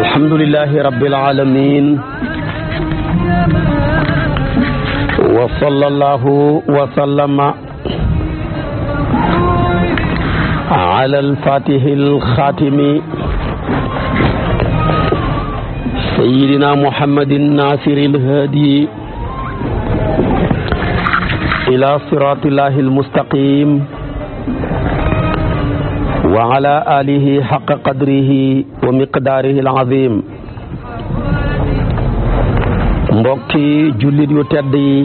الحمد لله رب العالمين وصلى الله وسلم على الفاتح الخاتم سيدنا محمد الناصر الهادي ila siratillahi almustaqim wa ala alihi xaqa qadrihi wa miqdaarihi alazim mbokki jullit yu tedd yi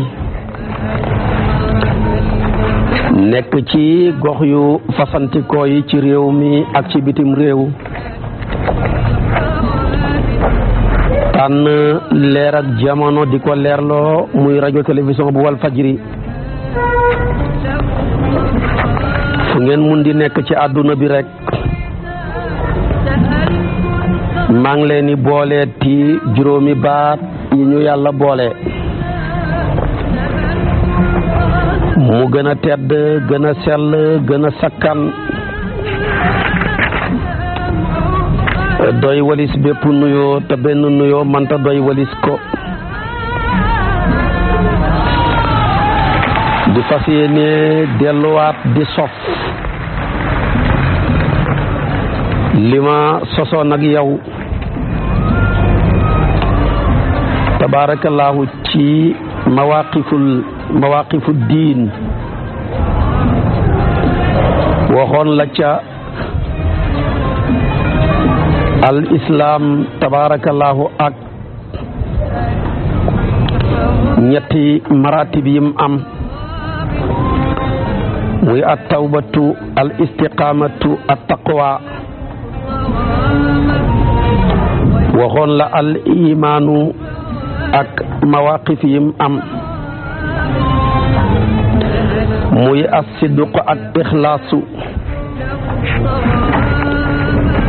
nekk ci gox yu fasantikoo yi ci réew mi ak ci bitim réew tànn leer ak jamono di ko leerloo muy rajo télévision bu wal fu ngeen mun di nekk ci àdduna bi rekk maa ngi leen di booleeti juróomi baat yi ñu yàlla boole mu gën a tedd gën a sell gën a sakkan doy walis bépp nuyoo te benn nuyoo manta doy walis ko di fas yéene delluwaat di sof li sosoon ak yow tabaarakallaahu ci mawaqiful diin waxoon la ca al islaam tabaarakallaahu ak ñetti maratib yim am muy at tawbatu al istiqamatu at taqwa waxoon la al imaanu ak mawaqif yim am muy as sidduq ak ixlaasu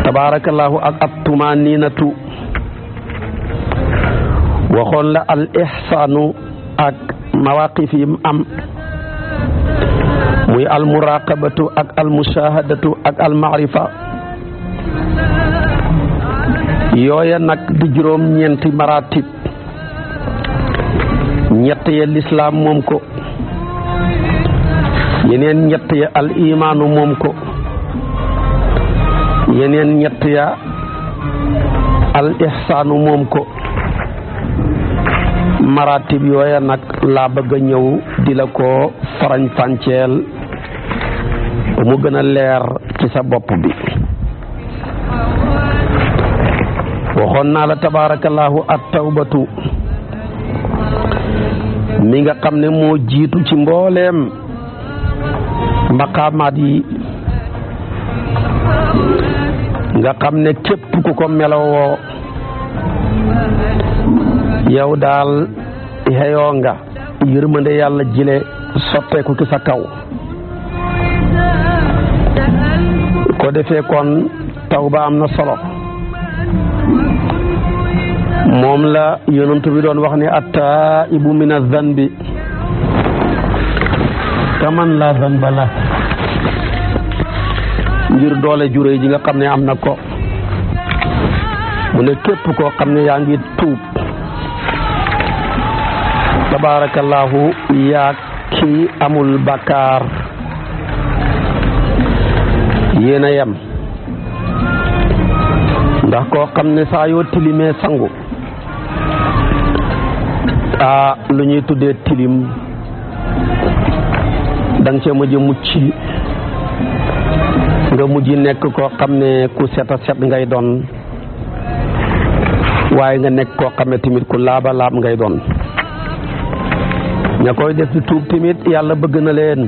tabaarakallaahu ak at tumaninatu waxoon la al ixsaanu ak mawaqif yim am muy almuraqabatu ak almushahadatu ak almarifa yooya nag di juróom ñeenti maratib ñett ya lislaam moom ko yeneen ñett ya al moom ko yeneen ñett ya al ihsaanu moom ko maratib yooya nag laa bëgg a ñëw di la ko farañ fànceel te mu gën a leer ci sa bopp bi waxoon naa la tabaarakallaahu at tawbatu mi nga xam ne moo jiitu ci mbooleem maqaamaat yi nga xam ne képp ku ko melowoo yow daal xeyoo nga yërmande yàlla jile sotteeku ci sa kaw ko defee kon taw ba am na solo moom la yonent bi doon wax ne atta ibu min azanbi kaman la zanba la ngir doole juré ji nga xam ne am na ko mu ne képp koo xam ne yaa ngi tuub tabaarakallaahu yaa ki amul bakkaar yéen a yem ndax koo xam ne saa yoo tilimee sangu a lu ñuy tuddee tilim da nga cee mujj mucc nga mujj nekk koo xam ne ku set set ngay doon waaye nga nekk koo xam ne tamit ku laaba laab ngay doon ña koy def di tuub tamit yàlla bëgg na leen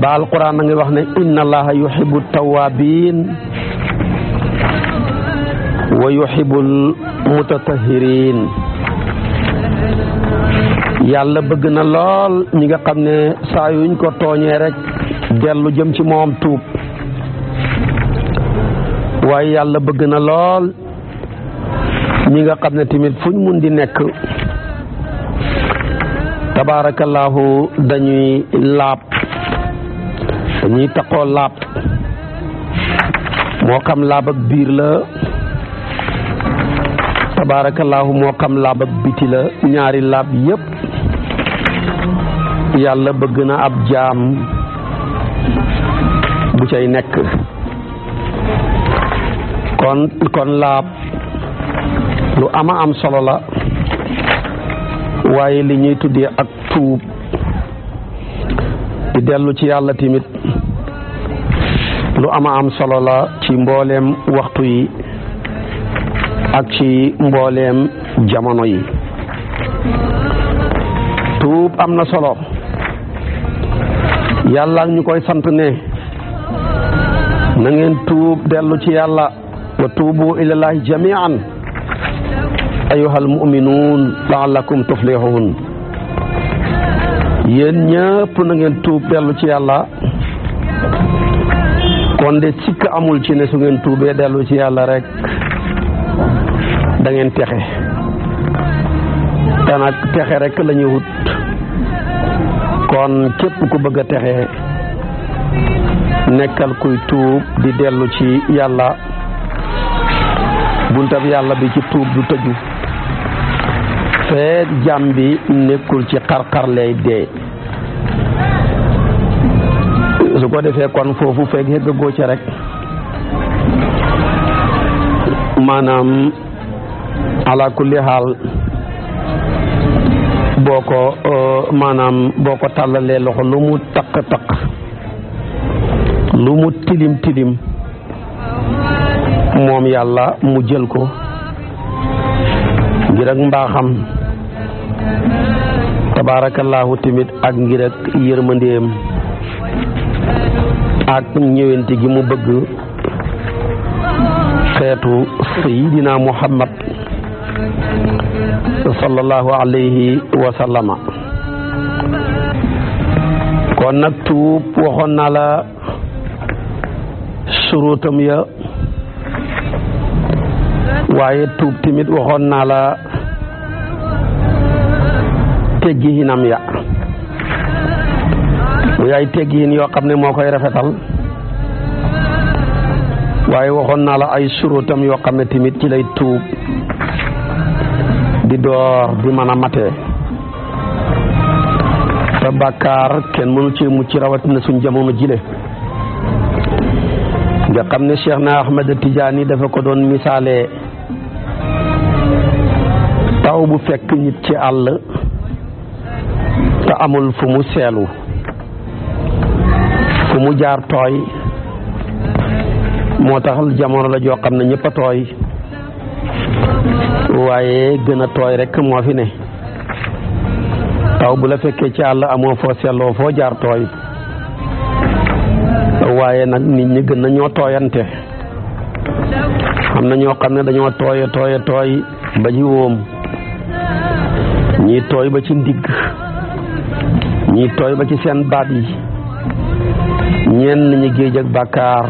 ba alquran a ngi wax ne inna allaha yuhibbu tawabin wa yuhibbul mutatahirin yàlla bëgg na lool ñi nga xam ne saa yuñ ko tooñee rek dellu jëm ci moom tuub waaye yàlla bëgg na lool ñi nga xam ne tamit fuñ mun di nekk tabaarakallaahu dañuy laab dañuy taqoo laab moo xam laab ak biir la tabaarakallaahu moo xam laab ak biti la ñaari laab yépp yàlla bëgg na ab jaam bu cay nekk kon kon laab lu ama am solo la waaye li ñuy tuddee ak tuub di dellu ci yàlla timit lu ama am solo la ci mbooleem waxtu yi ak ci mboolem jamono yi tuub am na solo yàlla ñu koy sant ne na ngeen tuub dellu ci yàlla wa tuubu ilallahi jamian ayyuhal mu'minuun la'allakum tuflihun yéen ñëpp na ngeen tuub dellu ci yàlla kon de sikk amul ci ne su ngeen tuubee dellu ci yàlla rek dangeen ngeen texe te nag texe rek la wut kon képp ku bëgg a texe nekkal kuy tuub di dellu ci yàlla buntab yàlla bi ci tuub du tëju feek jàmm bi nekkul ci xar-xar lay su ko defee kon foofu feek xëggagoo ca rek maanaam ala xaal boo ko maanaam boo ko tàllalee loxo lu mu taq-taq lu mu tilim tilim moom yàlla mu jël ko ngir mbaaxam tabaarakallaahu tamit ak ngir ak yërmandeem ak ñëwante gi mu bëgg xeetu sayidina muhammad kon nag tuub waxoon la suruutam ya waaye tuub tamit waxoon la teggiinam ya muy ay teggiin yoo xam ne moo koy rafetal waaye waxoon naa la ay surutam yoo xam ne tamit ci lay tuub di door di mën a matee te bàkkaar kenn mënu ci mucc rawatina suñ jamono jile nga xam ne Cheikh na Ahmed Tidiane dafa ko doon misaale taw bu fekk nit ci àll amul fu mu seelu fu mu jaar tooy moo tax jamono la joo xam ne ñëpp a tooy waaye gën a tooy rekk moo fi ne taw bu la fekkee ci àll amoo foo seetloo foo jaar tooy waaye nag nit ñi gën nañoo tooyante am na ñoo xam ne dañoo tooye tooye tooy ba ci wóom ñii tooy ba ci ndigg ñi tooy ba ci seen baat yi ñenn ñi géej ak bàkkaar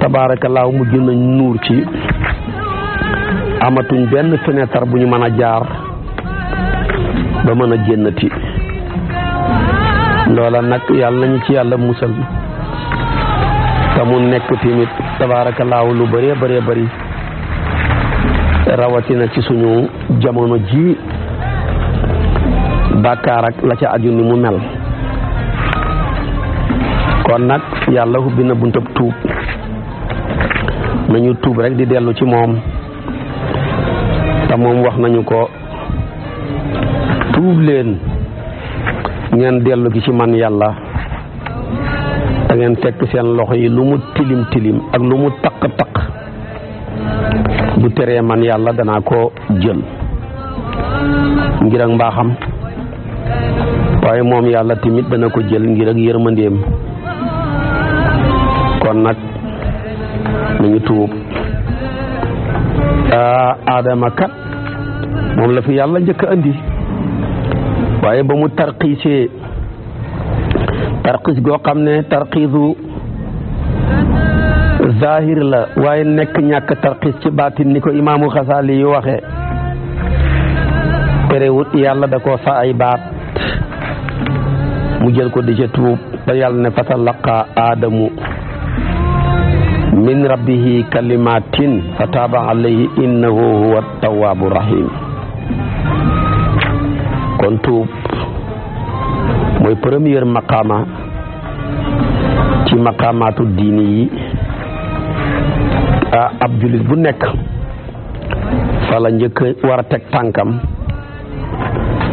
tabaarakallaahu mu nañ nuur ci amatuñ benn fenêtre bu ñu mën a jaar ba mën a génnati loola nag yàlla nañu ci yàlla musal te mu nekk tamit tabaarakallaahu lu bëree bëree bari rawatina ci suñu jamono ji bàkkaar ak la ca aju ni mu mel kon nag yàlla ubbi na buntab tuub nañu tuub rek di dellu ci moom te moom wax nañu ko tuub leen ngeen dellu gi ci man yàlla da ngeen seen loxo yi lu mu tilim tilim ak lu mu takk taq bu teree man yàlla danaa ko jël ngir mbaaxam waaye moom yàlla tamit dana ko jël ngir ak yërmandeem kon nag mu ngi tuub kat moom la fi yàlla njëkk a andi waaye ba mu tarxiisee tarxiis goo xam ne tarxiisu zahir la waaye nekk ñàkk tarxiis ci baatin ni ko imaamu xasaali yu waxe terewut yàlla da ko sa ay baat mu jël ko di ca tuub te yàlla ne fatalaqa aadamu min rabbihi kalimatin fa taaba alayhi innahu huwa tawaabu rahim kon tuub mooy première maqaama ci maqaamaatu diini ah, ab jullit bu nekk fa la njëkk war a tànkam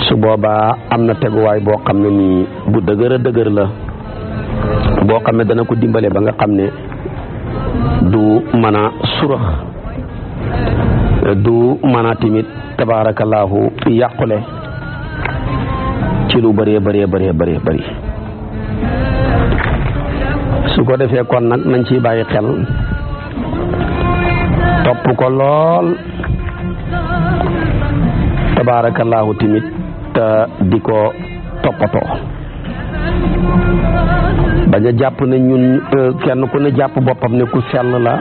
su boobaa am na teguwaay boo xam ne nii bu dëgër dëgër la boo xam ne dana ko dimbale ba nga xam ne du mën a du mana a timit tabaarakallaahu yàqule ci lu bëree bëree bëree bëree bëri su ko defee kon nag nañ ciy bàyyi xel topp ko lool tabaarakallaahu timit te di ko toppatoo bañ a jàpp na ñun euh, kenn ku ne jàpp boppam ne ku sell la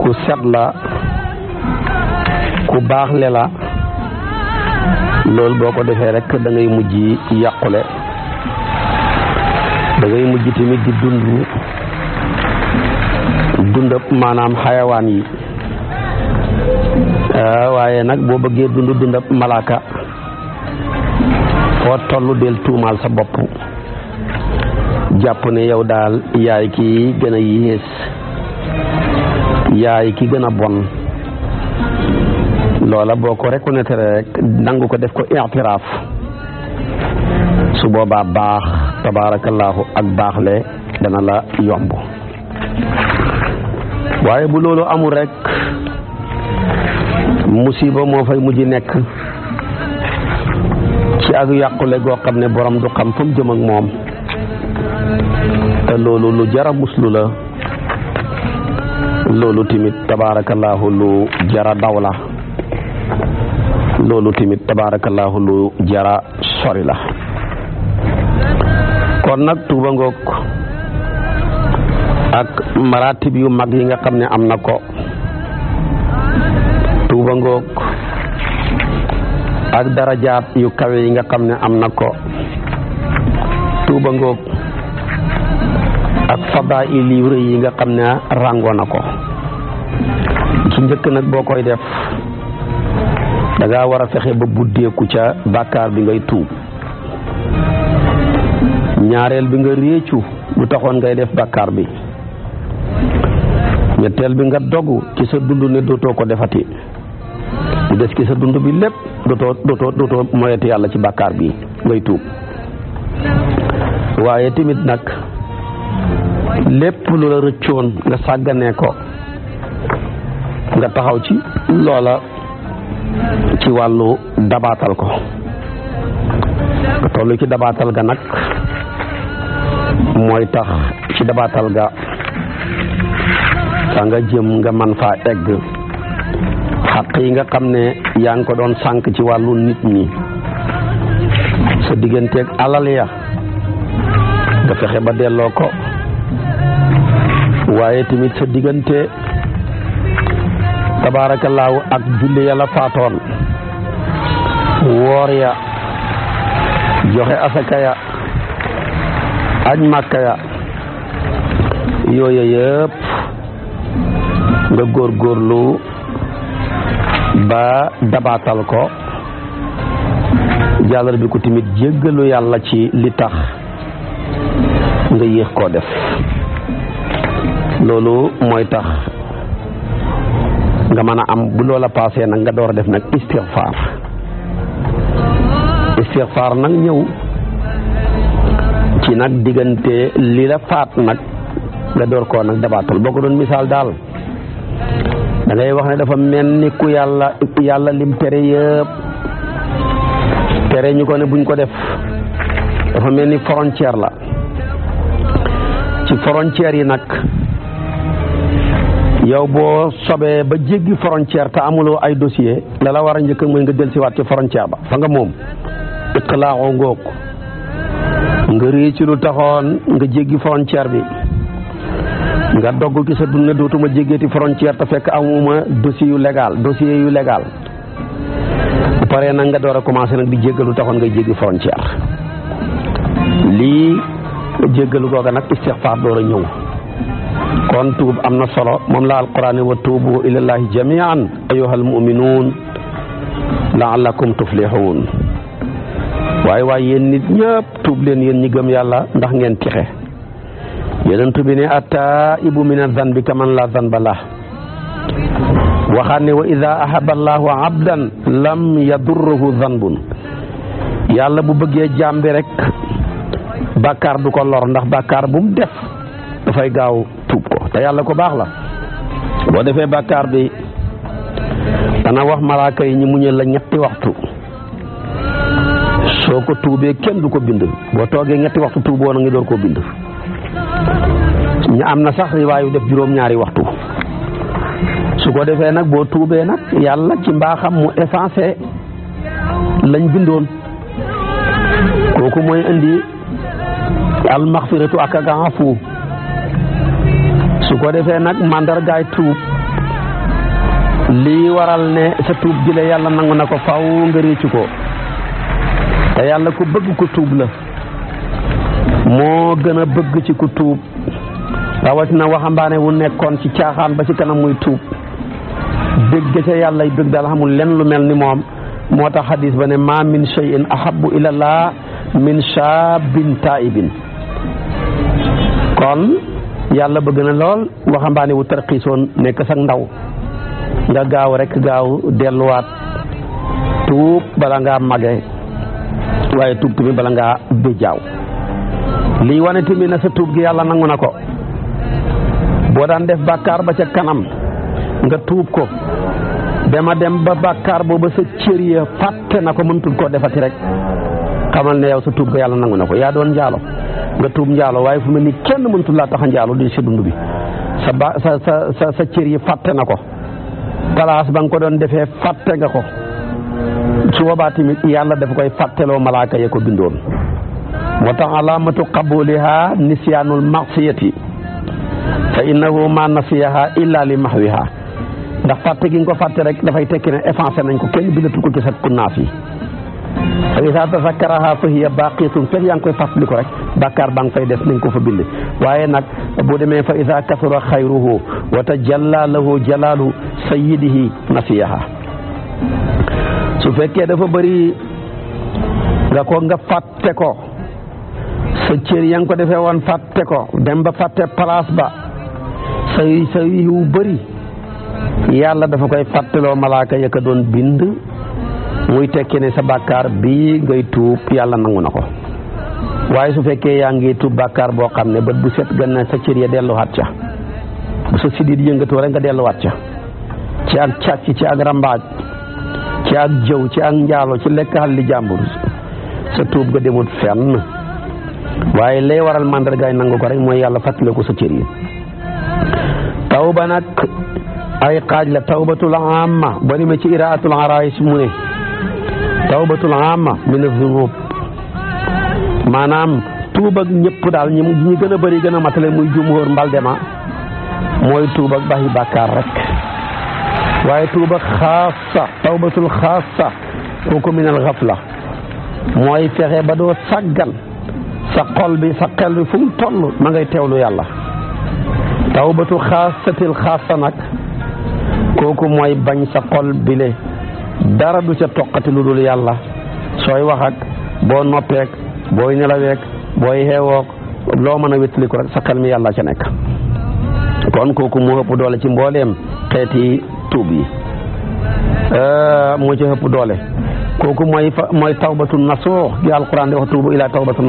ku set la ku baax le la loolu boo ko defee rek da ngay mujj yàqule dangay ngay mujj tamit di dund dundab maanaam xayawaan yi Euh, waaye nag boo bëggee dund dundab malaaka foo tollu del tuumaal sa bopp jàpp ne yow daal yaay ki gën a yées yaay ki gën a bon loola boo ko reconnaître rek nangu ko def ko itiraaf su boobaa baax tabaarakallaahu ak baaxle dana la yomb waaye bu loolu amul rek musiba moo fay mujj nekk ci ak yàqule goo xam ne borom du xam fa mu jëm ak moom te loolu lu jara muslu la loolu tamit tabaarakallaahu lu jara daw la loolu tamit tabaarakallaahu lu jara sori la kon nag tuuba ngoog ak maratib yu mag yi nga xam ne am na ko tuuba ngoog ak darajaat yu kawe yi nga xam ne am na ko tuuba ngoog ak fadail yu yi nga xam ne ràngoo na ko su njëkk nag boo koy def da ngaa war a fexe ba buddeeku ca bàkkaar bi ngay tuub ñaareel bi nga réccu lu taxoon ngay def bàkkaar bi ñetteel bi nga dogu ci sa dund ne dootoo ko defati mu des ki sa dund bi lépp dootoo dootoo dootoo yàlla ci bàkkaar bi ngay tuub waaye tamit nag lépp lu la rëccoon nga sàgganee ko nga taxaw ci loola ci wàllu dabaatal ko nga tollu ci dabaatal ga nag mooy tax ci dabaatal ga fa nga jëm nga man faa egg xaq yi nga xam ne yaa ngi ko doon sànq ci wàllu nit ñi sa digganteeg alal ya nga fexe ba delloo ko waaye tamit sa diggante tabaarakallaahu ak julli ya la faatoon woor ya joxe asaka ya aj màkka ya yooyu yëpp nga góorgóorlu ba dabaatal ko jàllar bi ko tamit jéggalu yàlla ci li tax nga yéex koo def loolu mooy tax nga mën a am bu loola paasee nag nga door a def nag istixfaar istixfaar nag ñëw ci nag diggante li la faat nag nga door koo nag dabaatal boo ko doon misaal daal da wax ne dafa mel ni ku yàlla yàlla lim tere yëpp tere ñu ko ne buñ ko def dafa mel ni frontière la ci frontière yi nag yow boo sobee ba jéggi frontière te amuloo ay dossier la la war a njëkk mooy nga del si waat ci frontière ba fa nga moom itlaaxoo ngoog nga réy ci lu taxoon nga jéggi frontière bi nga dogg ci sa dund dootuma jéggeeti frontière te fekk amuma dossier yu légal dossier yu légal bu paree nag nga door a commencé nag di jéggalu taxoon ngay jéggi frontière lii jéggalu googa nag istixfaar door a ñëw kon tuub am na solo moom la alquran ne wa tuubu ilallahi jamian ayyuhal muminuun laallakum tuflihun waaye waaye yéen nit ñëpp tuub leen yéen ñi gëm yàlla ndax ngeen texe yonent bi ne attaibu min azanbi kaman la zanba lah waxaat ne wa ida ahaba allahu abdan lam yadurruhu zanbun yàlla bu bëggee jaam bi rek bàkkaar du ko lor ndax bàkkaar bu mu def dafay gaaw tuub ko te yàlla ko baax la boo defee bàkkaar bi dana wax malaaka yi ñu muñal la ñetti waxtu soo ko tuubee kenn du ko bind boo toogee ñetti waxtu tuuboo na ngi door koo bind ñu am na sax riwaayu def juróom-ñaari waxtu su ko defee nag boo tuubee nag yàlla ci mbaaxam mu effacé lañ bindoon kooku mooy indi almaxfiratu ak ak afu su ko defee nag mandargaay tuub lii waral ne sa tuub gi yàlla nangu na ko faw nga réccu ko te yàlla ku bëgg ku tuub la moo gën a bëgg ci ku tuub rawatina waxambaane wu nekkoon ci caaxaan ba ci kanam muy tuub dégg ca yàlla y dëgg daal xamul lenn lu mel ni moom moo tax xadis ba ne ma min cheyin ahabu ilallah min shaabin taibin kon yàlla bëgg na lool waxambaane wu tarxiisoon nekk sax ndaw nga gaaw rek gaaw delluwaat tuub bala ngaa mage waaye tuub tamit bala ngaa béjaaw lii wane tamit na sa tuub gi yàlla nangu na ko boo daan def bàkkaar ba ca kanam nga tuub ko dama dem ba bàkkaar booba sa cër ya na ko mënutul koo defati rek xamal na yow sa tuub ga yàlla nangu na ko yaa njaalo nga tuub njaalo waaye fu mel ni kenn mënutul laa tax a njaalo di si dund bi sa ba sa sa sa cër yi fàtte na ko place ba ko doon defee fàtte nga ko su boobaa tamit yàlla dafa koy fàtteloo malaaka ya ko bindoon moo tax alaamatu qabuliha nisyaanul maasiyati fa innahu ma nasiyaha illa li mahwiha ndax fàtte gi nga ko fàtte rek dafay tekki ne effacé nañ ko kenn bindatu ko ci sa kunnaas yi fa isa tasakkaraha fa hiya baqiyatun fekk yaa ngi koy fàttali ko rek bàkkaar baa fay des nañ ko fa bind waaye nag bu demee fa isaa kasura xayruhu wa tajalla lahu jalaalu sayyidihi nasiyaha su fekkee dafa bari nga ko nga te ko sa cër ya nga ko defee woon fàtte ko dem ba fàtte place ba sa sa yiw yàlla dafa koy fàttaloo malaaka ya doon bind muy tekki ne sa bàkkaar bi ngay tuub yàlla nangu na ko waaye su fekkee yaa ngi tuub bàkkaar boo xam ne bët bu set gën na sa cër ya delluwaat ca bu sa siddiit yëngatoo rek nga delluwaat ca ci ak càcc ci ak rambaaj ci ak jëw ci ak njaalo ci lekk xal li jàmbur sa tuub ga demut fenn waaye lay waral mandargaay nangu ko rek mooy yàlla fàttaliku sa cër yi tawba nag ay xaaj la tawbatul amma boo demee ci iraatul araïs mu ne tawbatul amma min azunub maanaam tuub ak ñëpp daal ñi ñi gën a bëri gën a matale muy jumhóor mbaldema mooy tuub ak baxi rek waaye tuub ak xaasa tawbatul xaasa kooku min al mooy fexe ba doo sàggan sa xol bi sa xel bi fu toll ma ngay teewlu yàlla tawbatu xaasatil xaasa nag kooku mooy bañ sa xol bile dara du ca toqati lu dul yàlla sooy wax boo noppeek booy nelaweek booy xeewook loo mën a wéttaliku rek sa xel mi yàlla ca nekk kon kooku moo ëpp doole ci mbooleem xeeti tuub yi moo ci ëpp doole kooku mooy fa mooy tawbatu nasuux gi alquran di wax tuubu ilaa tawbatu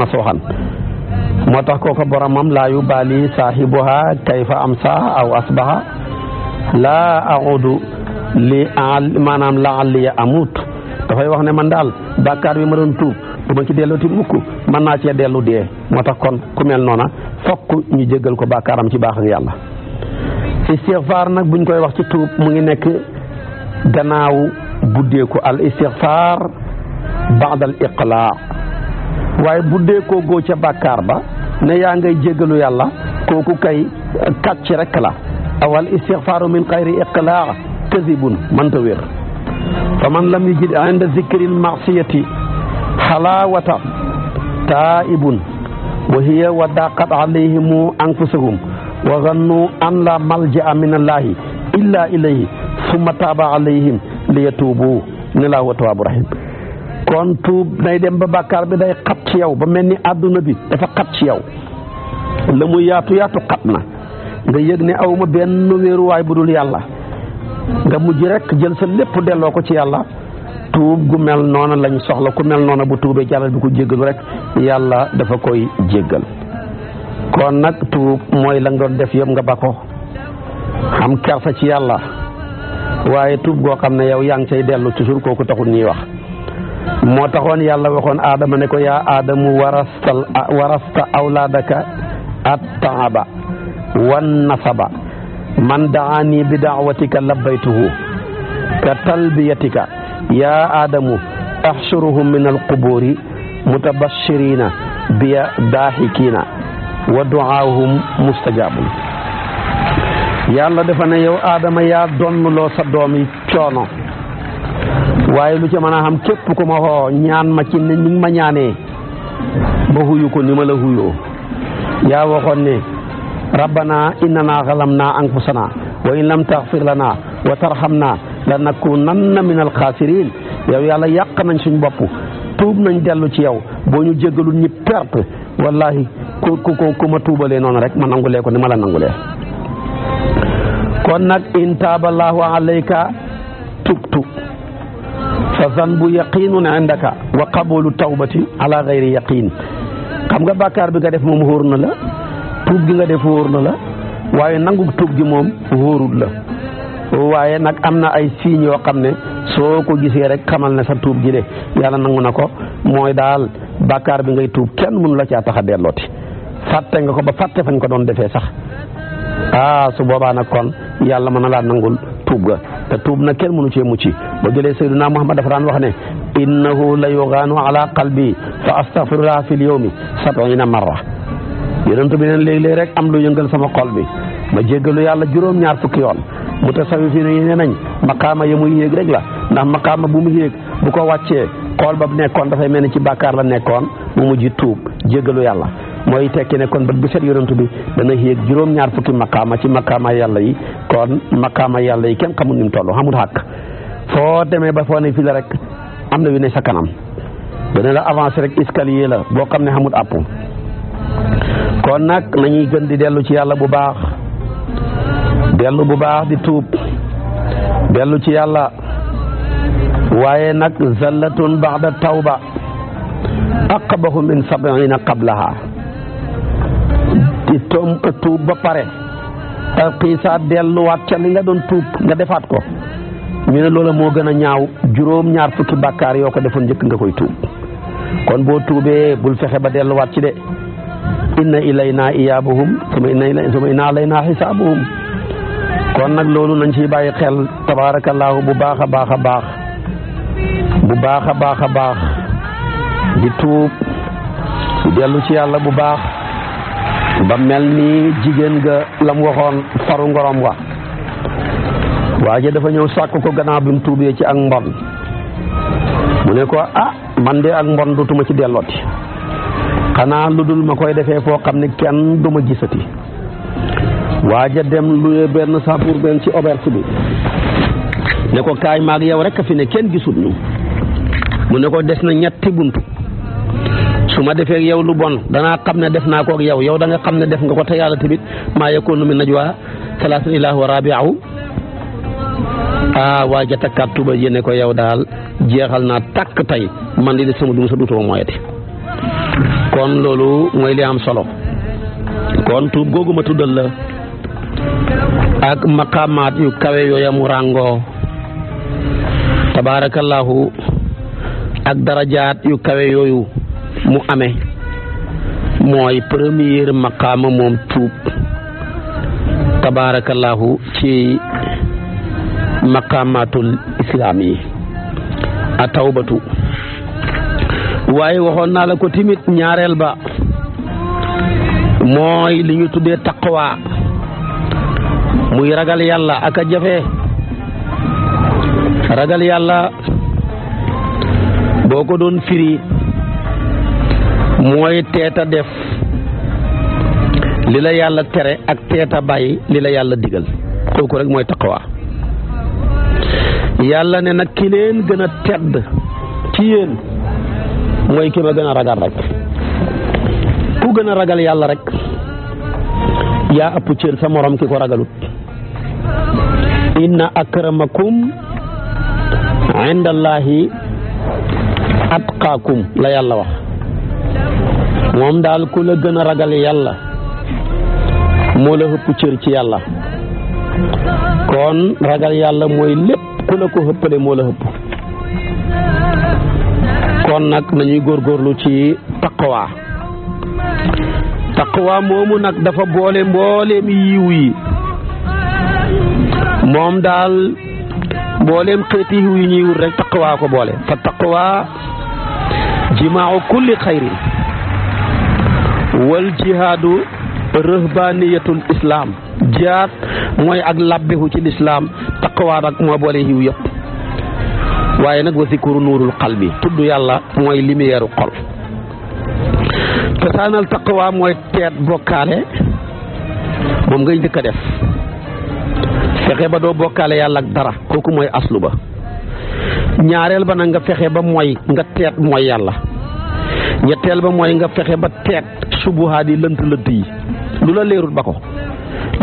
moo tax kooka boromam laa yu yubaali saahibuha kayfa amsa aw asbaha laa audu li maanaam laalliya amut dafay wax ne man daal bàkkaar bi ma doon tuub du ma ci dellooti mukk mën naa cee dellu dee moo tax kon ku mel noona fokk ñu jéggal ko bàkkaaram ci baax ak yàlla istighfar nag buñ koy wax ci tuub mu ngi nekk gannaaw buddeeku al istixfaar baadal iqlaa waaye buddeekoo goo ca bàkkaar ba ne yaa ngay jégalu yàlla kooku kay kàcc rek la awal istixfaaru min xayri iqlaa kadibun mënta wér fa man lam yujid inda zikril maasiyati xalaawata taaibun wa hiya wa daqat alayhimu anfusahum wa gannu an la malja'a min allahi illa ilayhi summa taaba alayhim li yatuubu ni laa huwa tawaabu kon tuub day dem ba bàkkaar bi day xat ci yow ba mel ni àdduna bi dafa xat ci yow la mu yaatu yaatu xat na nga yëg ne awma benn wéeruwaay bu dul yàlla nga mujj rek jël sa lépp delloo ko ci yàlla tuub gu mel noona lañ soxla ku mel noona bu tuubee jàllal bi ko jéggalu rek yàlla dafa koy jéggal kon nag tuub mooy la doon def yëpp nga ba ko xam kersa ci yàlla waaye tuub goo xam ne yow yaa ngi cay dellu toujours kooku taxul ñuy wax moo taxoon yàlla waxoon aadama ne ko yaa aadamu warastal warasta awlaadaka at taaba wan nasaba man daani bi daawatika labbaytuhu ka talbiyatika yaa aadamu axsuruhum min alquburi mutabashirina biya daahikiina wa duaahum mustajabun yàlla dafa ne yow aadama yaa donnloo sa doom yi coono waaye lu ca mën képp ku ma xoo ñaan ma ci ne ni ma ñaanee ma huyu ko ni ma la huyoo yaa waxoon ne rabbana innana zalamna anfusana wa in lam taxfir lana wa tarxamna lanakunanna min alxaasirin yow yàlla yàq nañ suñ bopp tuub nañ dellu ci yow boo ñu jéggalul ñi perte wallahi ku ku ku ma tuubalee noonu rek ma nangulee ko ni ma la nangulee kon nag in taaballahu alayka tubtu fa zanbu yaqinun indaka wa qabulu tawbati ala gayri yaqin xam nga bàkkaar bi nga def moom wóor na la tuub gi nga def wóor na la waaye nangu tuub gi moom wóorul la waaye nag am na ay signes yoo xam ne soo ko gisee rek xamal ne sa tuub gi de yàlla nangu na ko mooy daal bàkkaar bi ngay tuub kenn mënu la caa tax a dellooti fàtte nga ko ba fàtte fañ ko doon defee sax ah su boobaa nag kon yàlla mën na laa nangul tuub ga te tuub na kenn mënu cee mucc ba jëlee sayyiduna Muhammad dafa daan wax ne innahu la yugaanu ala qalbi fa astaghfirullah fil yawmi sab'ina marra yonent bi neen léeg-léeg rek am lu yëngal sama xol bi ma jéggalu yàlla juróom-ñaar fukki yoon mu tasawi fi ne nañ maqaama ya muy yéeg rek la ndax maqaama bu mu yéeg bu ko wàccee xool ba bu nekkoon dafay mel ni ci bàkkaar la nekkoon mu mujj tuub jéggalu yàlla mooy tekki ne kon bët bu set yonent bi dana yéeg juróom-ñaar fukki maqaama ci maqaama yàlla yi kon maqaama yàlla yi kenn xamul ni mu toll xamul xàq foo demee ba foo ne la rek am na yu ne sa dana la avancé rek escalier la boo xam ne xamul àpp kon nag nañuy gën di dellu ci yàlla bu baax dellu bu baax di tuub dellu ci yàlla waaye nag ba zallatun ba'da tawba aqbahum min sab'ina qablaha ci tom tuub ba pare xiisa delluwaat ca li nga doon tuub nga defaat ko ñu ne loola moo gën a ñaaw juróom ñaar fukki bàkkaar yoo ko defoon njëkk nga koy tuub kon boo tuubee bul fexe ba delluwaat ci de inna ilayna iyaabahum suma inna suma inna alayna xisaabuhum kon nag loolu nañ ciy bàyyi xel tabaarakallaahu bu baax a baax a baax bu baax a baax a baax di tuub dellu ci yàlla bu baax ba mel ni jigéen ga lam waxoon paru ngorom wa waa ji dafa ñëw sàkk ko gannaaw bi mu tuubee ci ak mbon mu ne ko ah man de ak mbon dutuma ci dellooti xanaa lu dul ma koy defee foo xam ne kenn du ma gisati waaja dem luye benn sapour benn ci auberge bi ne ko kaay maag yow rek a fi ne kenn gisul nu mu ne ko des na ñetti bunt su ma defee yow lu bon danaa xam ne def naa kook ak yow yow da xam ne def nga ko te yàlla tamit maa yakunu min najwa salaasun illaa huwa raabi'uhum ah waa jatakat tuba ko yow daal jeexal naa takk tey man li de sama dum sa duutoo mooyati kon loolu mooy li am solo kon tuub googu ma tuddal la ak maqaamaat yu kawe yooya mu ràngoo ak darajaat yu kawe yooyu mu ame mooy première maqaama moom tuub tabaarakallaahu ci maqaamaatul islaam yi a tawbatu waaye waxoon naa la ko timit ñaareel ba mooy li ñu tuddee taqwa muy ragal yàlla ak a jafe ragal yàlla boo ko doon firi mooy teeta def li la yàlla tere ak teeta bàyyi li la yàlla digal kooku rek mooy taqwa yàlla ne nag ki leen gën a tedd ci yéen mooy ki ma gën a ragal rek ku gën a ragal yàlla rek yaa ëpp cër sa morom ki ko ragalut inna akramakum indallahi atqaakum la yàlla wax moom daal ku la gën a ragal yàlla moo la ëpp cër ci yàlla kon ragal yàlla mooy lépp ku la ko ëppale moo la ëpp kon nag nañuy góorgóorlu ci taqwa taqwa moomu nag dafa boole mbooleem yiw yi moom daal mbooleem xeeti yiw yi ñuy wut rek taqwa ko boole fa taqwa jimaaxu kulli xayrin wal jihaadu rëhbaaniyatul islaam jihaad mooy ak labbihu ci lislaam taqwaa nag moo boole yiw yëpp waaye nag wa zikru nuurul qalbi tudd yàlla mooy lumière xol cosaanal taqwa mooy teet bokkaale moom ngay njëkk a def fexe ba doo bokkaale yàlla ak dara kooku mooy aslu ba ñaareel ba nag nga fexe ba mooy nga teet mooy yàlla ñetteel ba mooy nga fexe ba teet subuhaat yi lënt lënt yi lu la leerul ba ko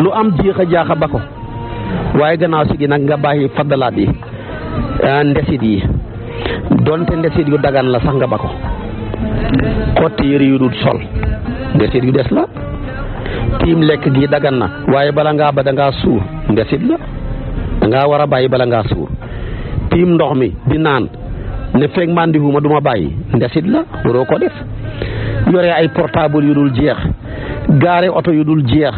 lu am jiix a jaaxa ba waaye gannaaw si gi nag nga bàyyi faddalaat yi ah, ndesit yi donte ndesit yu daggan la sax nga bakko ko xotti yëre yu dul sol ndesit yu des la tiim lekk gi daggan na waaye bala ngaa ba da ngaa suur ndesit la da war a bàyyi bala ngaa suur tiim ndox mi di naan ne feeg màndiwuma duma bàyyi ndesit la waroo ko def yore ay portable yu dul jeex gaare oto yu dul jeex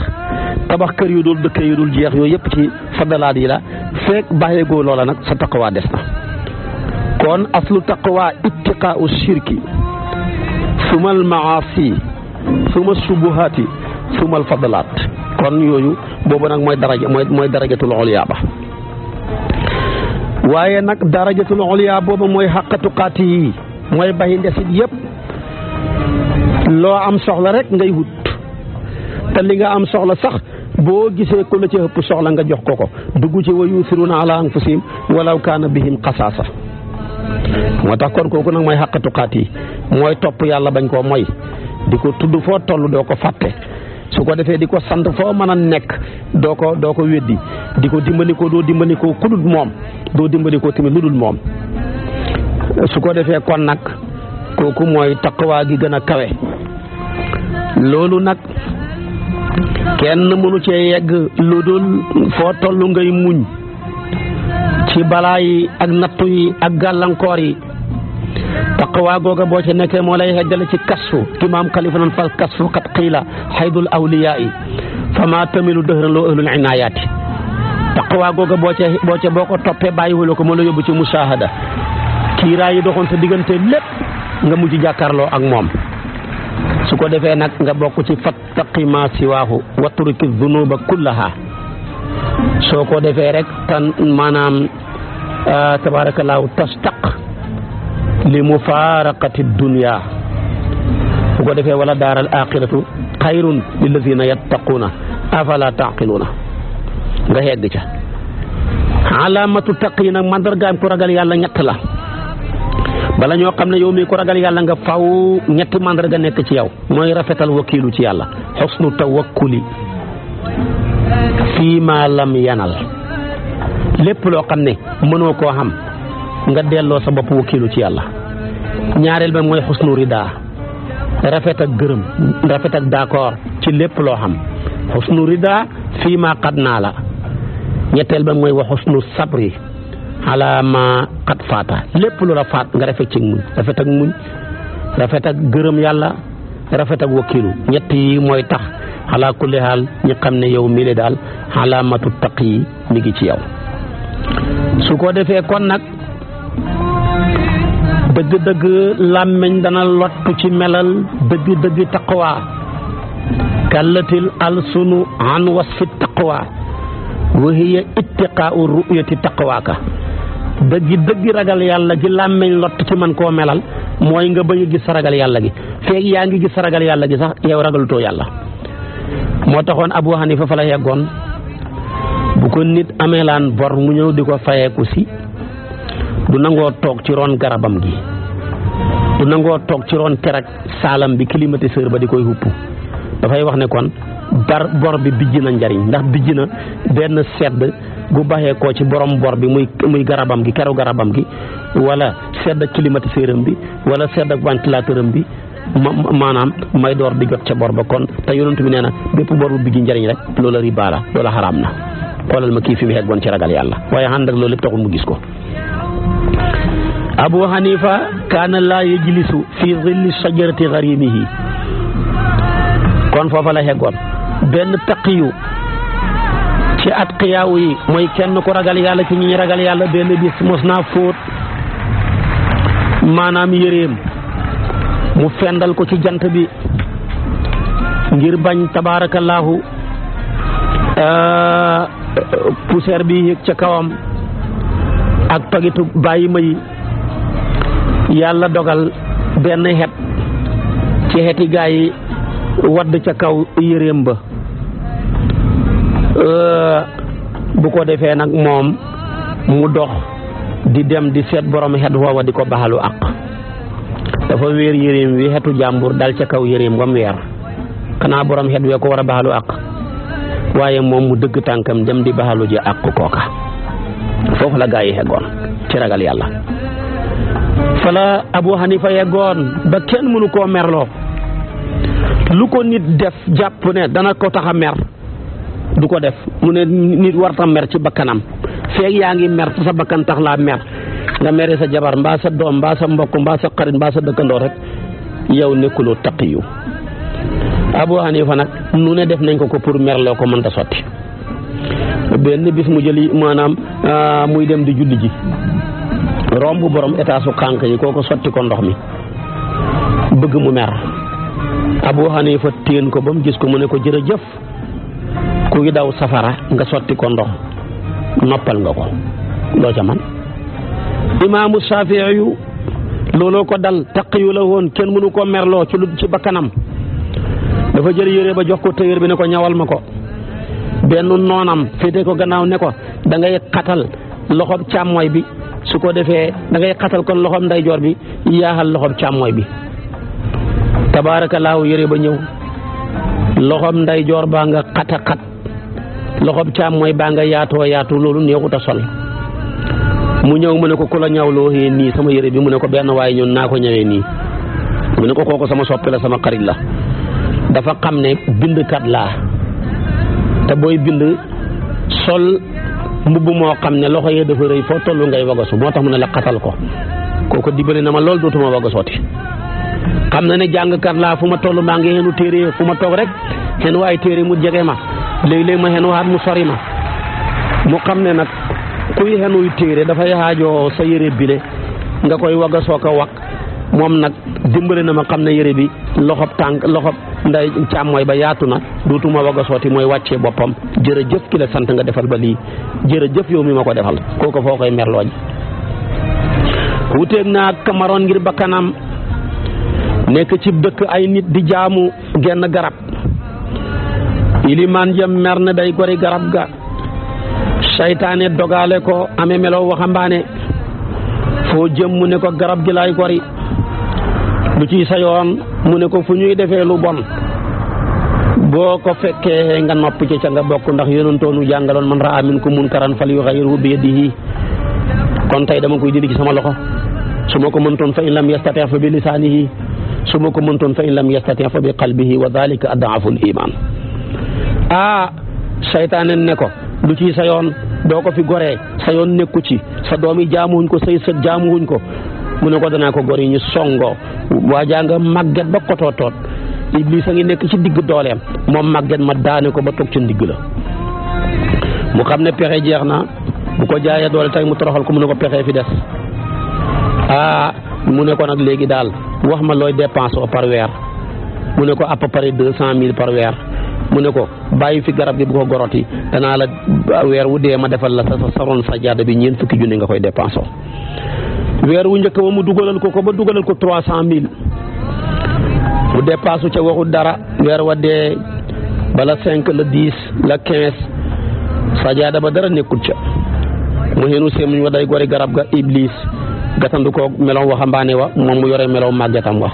tabax kër yu dul dëkkee yu dul jeex yooyu yëpp ci fadalaat yi la feek bàyyeegoo loola nag sa taqwa des na kon aslu taqwa ittiqaau shirki suma al maasi suma subuhaati suma al fadalaat kon yooyu boobu nag mooy daraja mooy mooy darajatul oliya ba waaye nag darajatul oliya boobu mooy xaqatuqaati yi mooy bayi ndesit yëpp loo am soxla rek ngay wut te li nga am soxla sax boo gisee ku la ci ëpp soxla nga jox ko ko dugg ci wa yuusiruuna ala anfusihim walaw kaana bihim xasaasa moo tax kon kooku nag mooy xàq tuqaat yi mooy topp yàlla bañ koo moy di ko tudd foo toll doo ko fàtte su ko defee di ko sant foo mën a nekk doo ko doo ko weddi di ko dimbali ko doo dimbali ko ku moom doo dimbali ko tamit lu dul moom su ko defee kon nag kooku mooy taqwa gi gën a kawe loolu nag kenn mënu cee yegg lu dul foo toll ngay muñ ci balaa ak nattu ak gàllankoor yi taqawaa googa boo ci nekkee moo lay xeddale ci kasfu ki maam kalifa nan fal kasfu kat xiila xaydul awliyaa yi fa maa tamilu loo ahlul inaayaati taqawaa googa boo ca boo ca boo ko toppee bàyyiwuloo ko moo la yóbbu ci musaahada kiiraay yi doxoon sa diggante lépp nga mujj jàkkaarloo ak moom su ko defee nag nga bokk ci fattaqi ma siwaahu watruki dunuba kullaha soo ko defee rek tan maanaam tabarakallahu tastaq li mufaaraqati dunya su ko defee wala daaral axiratu xayrun lillazina yattaquuna afala taqiluuna nga yegg ca alaamatu taqi nag mandargaam ku ragal yàlla ñett la bala ñoo xam ne yow mii ko ragal yàlla nga faw ñetti mandarga nekk ci yow mooy rafetal wakiilu ci yàlla xusnu tawakkuli fii maa lam yanal lépp loo xam ne mënoo koo xam nga delloo sa bopp wakiilu ci yàlla ñaareel ba mooy xusnu rida rafet ak gërëm rafet ak d'accord ci lépp loo xam xusnu rida fii maa xad naa la ñetteel ba mooy wa xusnu sabri ala ma xat faata lépp lu la nga rafet ci muñ rafet ak muñ rafet ak gërëm yàlla rafet ak wakkilu ñett yi mooy tax ala kulli haal ñi xam ne yow mii la daal alaamatu taq yi mi ngi ci yow su ko defee kon nag dëgg-dëgg làmmiñ dana lottu ci melal dëgg-dëgg taqwa kallatil alsunu an wasfi taqwa wa hiya ittiqaau ruyati taqwaaka dëggi dëggi ragal yàlla gi làmmeñ lott ci man koo melal mooy nga bañ gis sa ragal yàlla gi feeg yaa ngi gis sa ragal yàlla gi sax yow ragalutoo yàlla moo taxoon Abu Hanifa fa la yeggoon bu ko nit amee laan bor mu ñëw di ko fayeeku si du nangoo toog ci ron garabam gi du nangoo toog ci ron terag saalam bi climatiseur ba di koy hupp dafay wax ne bar bor bi bijj na njariñ ndax bijj na benn sedd gu baxee koo ci borom bor bi muy muy garabam gi keru garabam gi wala sedd ak climatiseur bi wala sedd ak ventilateur am bi maanaam may door di jot ca bor ba kon te yonent bi nee na bépp bor bu bijji njariñ rek loola riba la loola xaraam na xoolal ma kii fi mu heggoon ci ragal yàlla waaye ànd ak loolu lépp taxul mu gis ko abu hanifa kaana laa yajlisu fi zilli shajarati gharimihi kon foofa la heggoon benn taqiyu ci atqiyaaw yi mooy kenn ku ragal yàlla ci ñi ragal yàlla benn bis mos naa fóot maanaam yëreem mu fendal ko ci jant bi ngir bañ tabaarakallaahu euh, poussière bi yëg ca kawam ak pagitu bàyyi ma yàlla dogal benn xet ci xeti gaa wadd ca kaw yëreem ba bu ko defee nag moom mu dox di dem di seet borom xet woowa di ko baxalu jàmbur dal ca kaw yëreem ba mu xanaa borom xet ko war a baxalu àq waaye moom dëgg tànkam dem di baxalu ji foofu la gaa yi ci ragal yàlla fa Abu Hanifa yeggoon ba kenn mënu koo merloo lu ko nit def jàpp ne dana ko tax a mer du ko def mu ne nit warta mer ci bakkanam feeg yaa ngi mer sa bakkan tax laa mer nga mere sa jabar mbaa sa doom mbaa sa mbokk mbaa sa xarit mbaa sa dëkkandoo rek yow nekkuloo taqiyu Abu fa nag nu ne def nañ ko ko pour merloo ko mën mënta sotti benn bis mu jëli maanaam ah, muy dem di julli ji romb borom état su kànk yi kooko sotti ko ndox mi bëgg mu mer Abu Hanifa téen ko ba mu gis ko mu ne ko jërëjëf kuy daw safara nga sotti ko ndox noppal nga ko loo ca man imaamu Shafii yu looloo ko dal taqiyu la woon kenn mënu ko merloo ci lu ci bakkanam dafa jël yére ba jox ko tëyër bi ne ko ñawal ma ko benn noonam féete ko gannaaw ne ko da ngay xatal loxob càmmooy bi su ko defee dangay ngay ko kon loxob ndeyjoor bi yaaxal loxob càmmooy bi tabaarakallaahu yére ba ñëw loxob ndeyjoor baa nga xata xat loxo loxob caam mooy baa nga yaatoo yaatu loolu neexut a sol mu ñëw mu ne ko ku la ñawloo hee nii sama yére bi mu ne ko benn waaye ñun naa ko ñëwee nii mu ne ko kooku sama soppi la sama xarit la dafa xam ne bind kat laa te booy bind sol mbubb moo xam ne loxo yee dafa rëy foo tollu ngay wagasu moo tax mu ne la xatal ko kooku dimbali na ma lool dootuma wagasooti xam na ne jàngkat laa fu ma toll maa ngi xenu téere fu ma toog rek xen waaye téere mu jege ma léeg-léeg ma xen waxaat mu sori ma mu xam ne nag kuy xenuy téere dafay xaajoo sa yére bile nga koy wagga soog a wakk moom nag dimbale na ma xam ne yére bi loxob tànk loxob nday mooy ba yaatu na duutuma wagga sooti mooy wàccee boppam jërëjëf ki la sant nga defal ba lii jërëjëf yow mi ma ko defal kooku foo koy merloo ji wuteeg naa Cameroun ngir bakkanam nekk ci dëkk ay nit di jaamu genn garab ilimaan ja mer na day gori garab ga saytaane dogaale ko amee melow waxambaane foo jëm mu ne ko garab gi lay gori bu ci sa yoon mu ne ko fu ñuy defee lu bon boo ko fekkee nga nopp ci ca nga bokk ndax yonentoonu jàngaloon man raa minkum munkaran falyughayyirhu bi yadihi kon tey dama koy dindi ci sama loxo su ma ko mëntoon fa in lam yastati fa bi lisaanihi su ma ko mëntoon fa in lam yastati fa bi qalbihi wa dalika ad'aful iman ah saytaane ne ko lu ci sa yoon doo ko fi goree sa yoon nekku ci sa doom yi jaamuwuñ ko say sët jaamuwuñ ko mu ne ko danaa ko gor yi ñu songoo waa jaa nga màgget ba kotootoot iblis a ngi nekk ci digg dooleem moom màgget ma daane ko ba toog ci ndigg la mu xam ne pexe jeex na bu ko jaayee doole tey mu toroxal ko mu ne ko pexe fi des ah mu ne ko nag léegi daal wax ma looy dépense par weer mu ne ko à peu près deux cent mille par weer mu ne ko bàyyi fi garab gi bu ko goroti danaa la weer wu dee ma defal la sa sa saroon sa bi ñeent fukki junni nga koy dépensé weer wu njëkk ba mu dugalal ko ko ba dugalal ko trois cent mille bu dépassu ca waxu dara weer wa dee bala cinq la dix la quinze sa jaada ba dara nekkul ca mu xenu semuñ wa day gori garab ga iblis gatandu ko melow waxambaane wa moom mu yore melow màggatam wa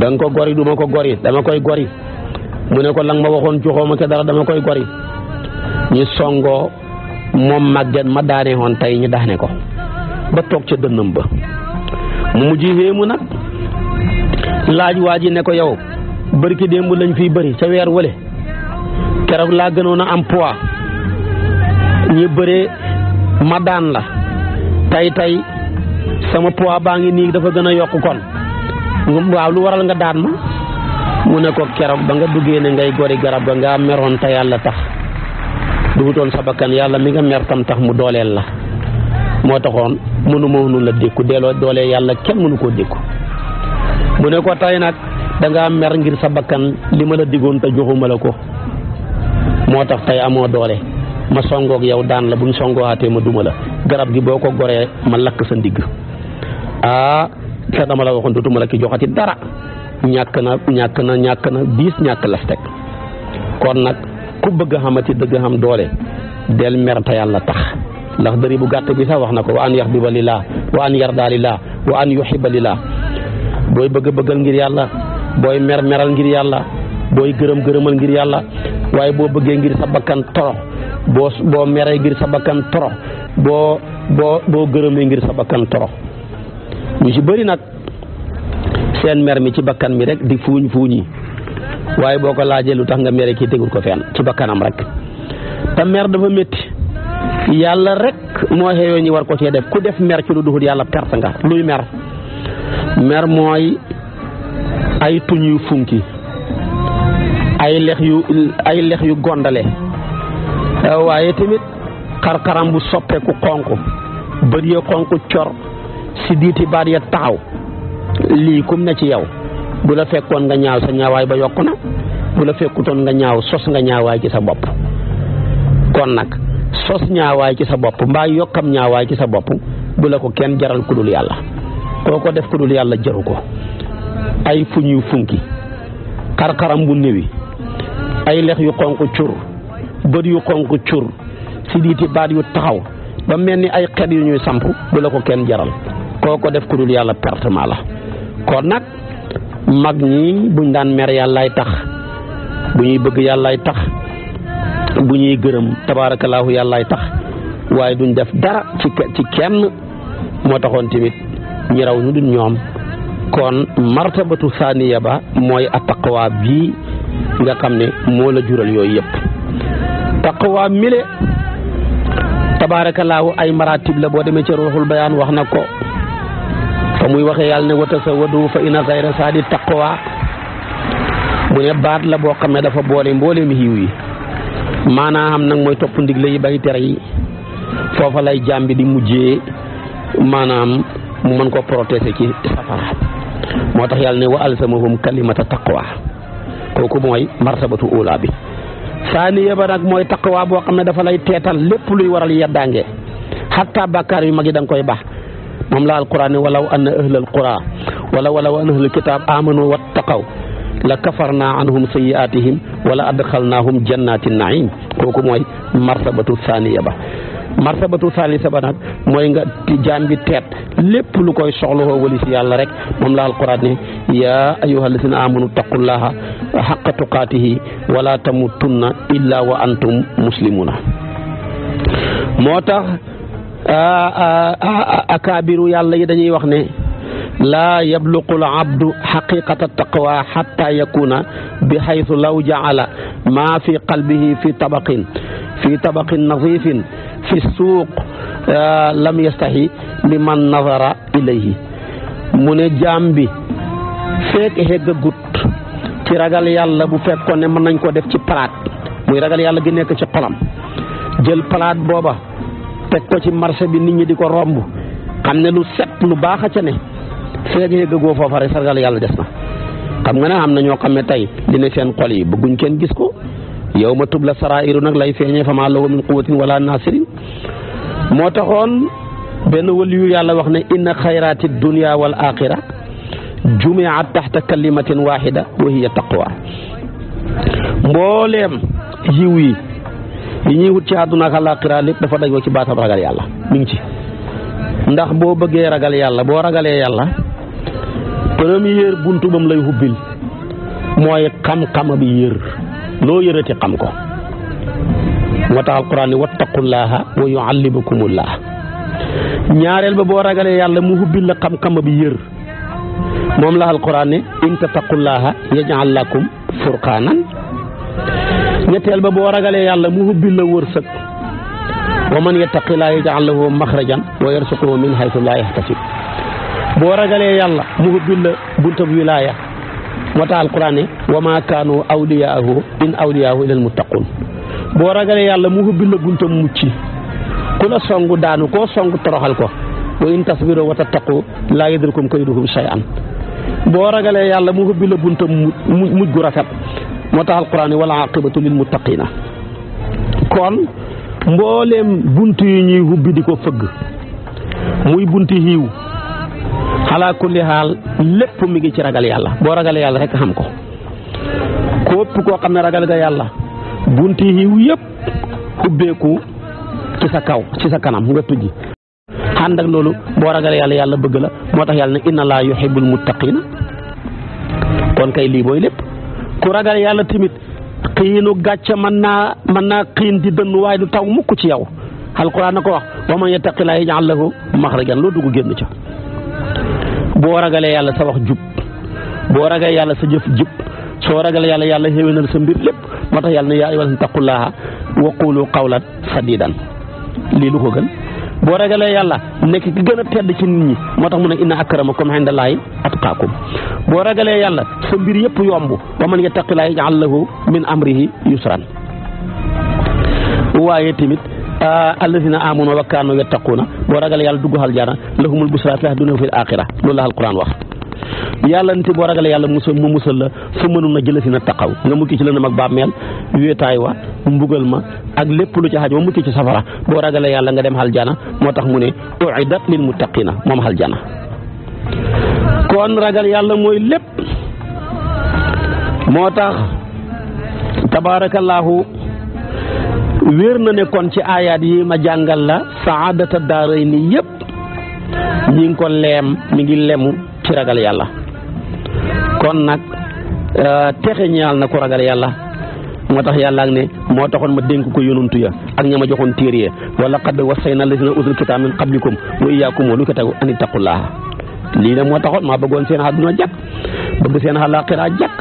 danga ko gori duma ko gori dama koy gori mu ne ko lang ma waxoon joxoo ma ca dara dama koy gori ñu songoo moom màgget ma daane woon tey ñu ne ko ba toog ca dënnam ba mu mujj xéemu nag laaj waa ji ne ko yow bërki démb lañ fiy bëri ca weer wële keroog laa gënoon a am poids ñu bëree ma daan la tey tey sama poids baa ngi nii dafa gën a yokk kon waaw lu waral nga daan ma mu ne ko keroog ba nga duggee ne ngay gori garab ga ngaa meroon te yàlla tax dugutoon sa bakkan yàlla mi nga mer tam tax mu dooleel la moo taxoon mënuma ma la dékku delloo doole yàlla kenn mënu koo dékku mu ne ko tey nag danga ngaa mer ngir sa bakkan li ma la diggoon te joxuma la ko moo tax tey amoo doole ma songook yow daan la buñ songowaatee ma duma la garab gi boo ko goree ma lakk sa ndigg ah te dama la waxoon dootuma la ki joxati dara ñàkk na ñàkk na ñàkk na diis ñàkk las teg kon nag ku bëgg xam a ci dëgg xam doole del mer yàlla tax ndax dëri bu gàtt bi sax wax na ko wa an yaxdiba lillah wa an yarda lillah wa an yuxiba lillah booy bëgg bëggal ngir yàlla booy mer meral ngir yàlla booy gërëm gërëmal ngir yàlla waaye boo bëggee ngir sa bakkan torox boo boo meree ngir sa bakkan torox boo boo boo gërëmee ngir sa bakkan torox ñu ci bëri nag seen mer mi ci bakkan mi rek di fuuñ fuuñi waaye boo ko laajee lu tax nga mere ki tegul ko fenn ci bakkanam rek te mer dafa metti yàlla rek moo xewoo ñi war ko cee def ku def mer ci lu duxul yàlla perte nga luy mer mer mooy ay tuñ yu funki ay lex yu ay lex yu gondale waaye tamit xar-xaram bu soppeeku xonq bët ya xonq cor si diiti baat ya taxaw lii kum na ci yow bu la fekkoon nga ñaaw sa ñaawaay ba yokku na bu la fekkutoon nga ñaaw sos nga ñaawaay ci sa bopp kon nag sos ñaawaay ci sa bopp mbaa yokkam ñaawaay ci sa bopp bu la ko kenn jaral ku yàlla koo ko def ku yàlla jaru ko ay fuñ yu funki bu néwi ay lex yu xonq cur bët yu xonq cur si diiti baat yu taxaw ba mel ni ay xet yu ñuy samp bu ko kenn jaral koo ko def ku pertement la kon nag mag ñi buñ daan mer yàllaay tax bu ñuy bëgg yàllaay tax bu ñuy gërëm tabaarakallaahu yàllaay tax waaye duñ def dara ci kenn moo taxoon tamit ñi raw ñu duñ ñoom kon martabatu saaniya ba mooy a taqwa bii nga xam ne moo la jural yooyu yëpp taqwa mile tabaarakallaahu ay maratib la boo demee ca ruuxul bayaan wax na ko muy waxee yàlla ne wata sa wadu fa ina xayra saadi taqwa mu ne baat la boo xam ne dafa boole mbooleem xiiw yi maanaam nag mooy topp ndigle yi bàyyi tere yi foofa lay jàmbi di mujjee maanaam mu mën ko protéger ci safara moo tax yàlla ne wa alsamahum kalimata taqwa kooku mooy martabatu ula bi saaniya ba nag mooy waa boo xam ne dafa lay teetal lépp luy waral yeddaange xatta bàkkaar yu mag yi da koy baax moom la alquran ne walaw anna ahlal qura wala walaw anna ahlal kitaab amanu wattaqaw la kafarna anhum sayyi'atihim wala adxalnahum jannatin naim kooku mooy martabatu saaniya ba martabatu saalisa ba nag mooy nga jaam bi teet lépp lu koy soxla wali yàlla rek moom la alquran ne yaa ayyuha alladina amanu taqullaha xaqa tuqaatihi wala tamutunna illa wa antum muslimuna akaabiru yàlla yi dañuy wax ne laa yabluqul abdu xaqiqata taqwa xatta yakuna bi xaytu law jaala maa fi qalbihi fi tabaqin fi tabaqin nazifin fi suuq lam yastahi li man nazara ilayhi mu ne jaam bi feek heggagut ci ragal yàlla bu fekkoon ne mën nañ ko def ci palaat muy ragal yàlla gi nekk ci xolam jël palaat booba teg ko ci marché bi nit ñi di ko romb xam ne lu set lu baax a ca ne feeg yëggagoo foofa rek sargal yàlla des na xam nga ne am na ñoo xam ne tey dina seen xol yi bëgguñ kenn gis ko yow ma tub la saraa'iru nag lay feeñee fa maa lahu min quwwatin wala naasirin moo taxoon benn waliyu yàlla wax ne inna xayraati dunya wal axira jumiat taxta kalimatin waxida wa hiya taqwa mbooleem yiw yi yi ñuy wut ci àdduna ak àllaaxira lépp dafa dajoo ci baatam ragal yàlla mi ngi ci ndax boo bëggee ragal yàlla boo ragalee yàlla première buntu moom lay hubbil mooy xam-xama bi yër loo yërati xam ko moo tax alquran ni wattaqullaha wa yuallimukumullah ñaareel ba boo ragalee yàlla mu hubbil la xam-xama bi yër moom la alquran ne in tattaqullaha yaj'al lakum furqaanan ñetteel ba boo ragalee yàlla mu hubbil la wërsëg wa man yattaqi laa yaj'al lahu maxrajan wa yarsuqhu min haythu laa yahtasib boo ragalee yàlla mu hubbil la buntab wilaaya moo tax alquran ne wa maa kaanu awliyaahu in awliyaahu ilal muttaqun boo ragalee yàlla mu hubbil la buntab mucc ku la songu daanu koo songu toroxal ko wa in tasbiru wa tattaqu laa yadurrukum kayduhum shay'an boo ragalee yàlla mu hubbil la buntab mujj gu rafet moo tax alquran ni wal aqibatu lil muttaqina kon mbooleem bunt yu ñuy hubbi di ko fëgg muy bunti yiw xalaa kulli xaal lépp mi ngi ci ragal yàlla boo ragalee yàlla rek xam ko képp koo xam ne ragal nga yàlla bunti yiw yëpp ubbeeku ci sa kaw ci sa kanam nga tuj ànd ak loolu boo ragalee yàlla yàlla bëgg la moo tax yàlla ne inna laa yuhibbul muttaqina kon kay lii booy lépp ku ragal yàlla tamit xiinu gàcce man naa mën naa xiin di dënn waaye du taw mukk ci yow alquran na ko wax ma wa man yattaqillaa yaj'al lahu maxrajan loo dugg génn ca boo ragalee yàlla sa wax jub boo ragalee yàlla sa jëf jub soo ragalee yàlla yàlla xéwénal sa mbir lépp moo tax yàlla ne yaa ayyuhal-laziina taqullaaha wa quulu qawlan sadiidan lii lu ko gën boo ragalee yàlla nekk ki gën a tedd ci nit ñi moo tax mu ne inna laay indallaahi atqaakum boo ragalee yàlla sa mbir yëpp yomb wa man yattaqillaaha yaj'al lahu min amrihi yusran waaye tamit ah, allazina amanu wa kaanu yattaquuna boo ragalee yàlla dugg xal jaana lahumul busraa fil dunya wa fil aaxira loolu la alquran wax yàlla nti boo ragalee yàlla musal mu musal la fu mënum na si na taqaw nga mukki ci la lëndëm ak bàmmeel wéetaay wa mbugal ma ak lépp lu ci xaj ba mucc ci safara boo ragalee yàlla nga dem aljana moo tax mu ne uidat lil na moom aljana kon ragal yàlla mooy lépp moo tax tabaarakallaahu wér na ne kon ci aayaat yi ma jàngal la saadata daaray ni yëpp ñi ngi ko leem mi ngi lemu ci ragal yàlla kon nag euh, texe ñaal na ko ragal yàlla moo tax yàlla ak ne moo taxoon ma dénk ko yonantu ya ak ña ma joxoon téere ya wala qad wassayna lazina utul kitaab min qablikum wa iyyaakum lu ko tegu ani taqullaha lii ne moo taxoon maa bëggoon seen àdduna jàkk bëgg seen àllaaxira jàkk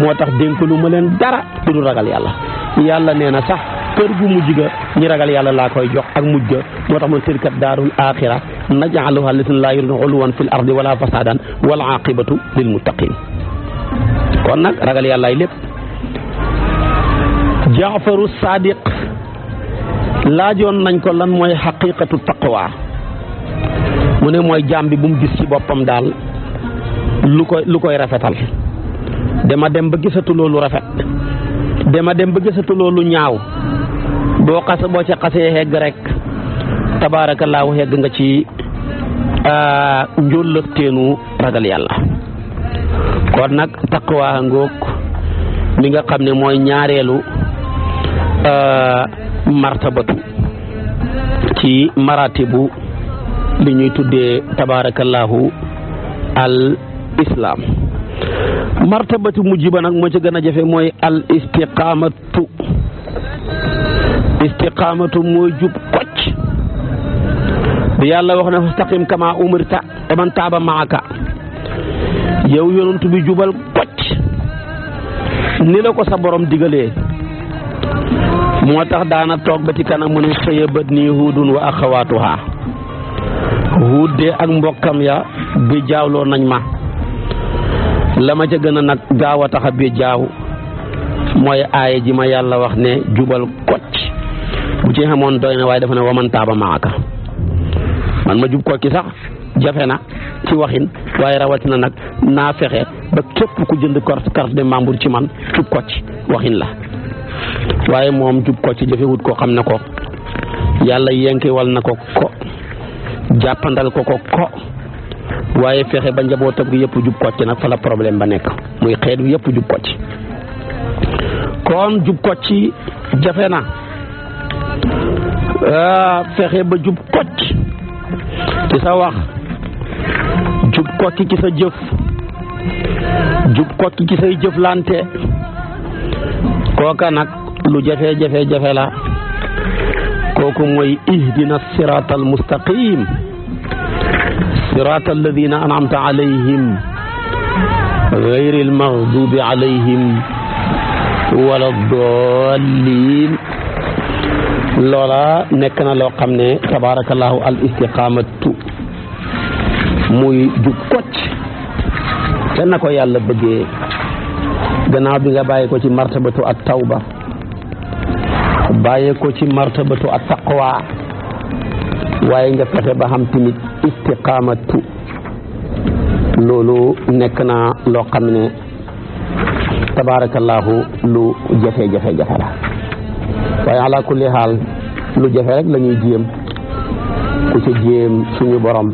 moo tax dénk lu ma leen dara du dul ragal yàlla yàlla nee na sax kër gu mujj ga ñi ragal yàlla laa koy jox ak mujj moo tax ma tilka daarul aaxira naj'aluhaa lillaziina laa yuriiduuna uluwwan fil ardi wala fasaadan wal aaqibatu lil muttaqiin kon nag ragal yàllaay lépp jaafaru sadiq laajoon nañ ko lan mooy xaqiqatu taqwa mu ne mooy jaam bi bu mu gis ci boppam daal lu koy lu koy rafetal dama dem ba gisatu loolu rafet dama dem ba gisatu loolu ñaaw boo xas boo ci xasee xegg rek tabaarakallaahu xegg nga ci njóllëfteenu ragal yàlla kon nag taqwa ngoog mi nga xam ne mooy ñaareelu Euh, martabatu ci maratibu li ñuy tuddee tabarakallahu al islam martabatu mujj ba nag moo ci gën a jafe mooy al istiqamatu istiqamatu mooy jub kocc bi yàlla wax ne fastaqim kama umirta wa e taaba maaka yow yonent bi jubal kocc ni la ko sa digalee moo tax daana toog ba ci kanam mu ne sëya bët nii huudun wa axawaatuha huud de ak mbokkam ya bi jaawloo nañ ma la ma ca gën a nag gaaw a tax bi jaaw mooy aaye ji ma yàlla wax ne jubal kocc bu ci xamoon doy na waaye dafa ne waman taaba maaka man ma jub kocc sax jafe na ci waxin waaye rawatina nag naa fexe ba képp ku jënd carte carte de membre ci man jub kocc waxin la waaye moom jub ko ci jëfewut ko xam na ko yàlla yenkewal na ko ko jàppandal ko ko ko waaye fexe ba njabootam gi yëpp jub ko ci nag fa problème ba nekk muy xeet wi yëpp jub ko ci kon jub ko ci jafe na ah, fexe ba jub ko ci sa wax jub ko ci sa jëf jub ko ci ci say kooka nag lu jafe jafe jafe la kooku mooy ihdina siraatal mustaqim siraatal ladina an'amta alayhim gayril maxdubi alayhim wala doolliin loola nekk na loo xam ne tabarakallahu al istiqamatu muy jub kocc te na ko yàlla bëggee gannaaw bi ga bàyyi ko ci martabatu at tawba bàyyi ko ci martabatu at taqwa waaye nga fexe ba xam tamit istiqaamatu loolu nekk na loo xam ne tabaarakallaahu lu jafe-jafe jafe la waaye ala kulli xaal lu jafe rek la ñuy jéem ku ci jéem suñu borom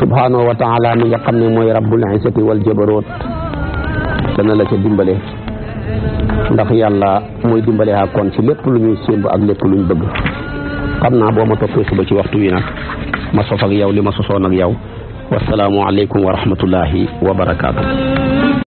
subhanahu wa taala nga xam ne mooy rabbul izzati wal jabaroot dana la ca dimbale ndax yàlla mooy dimbale ak kon ci lépp lu ñuy sémb ak lépp lu ñu bëgg xam naa boo ma toppee suba ci waxtu wi nag ma sof ak yow li ma sosoon ak yow wasalaamu aleykum wa rahmatullahi wa barakaatu.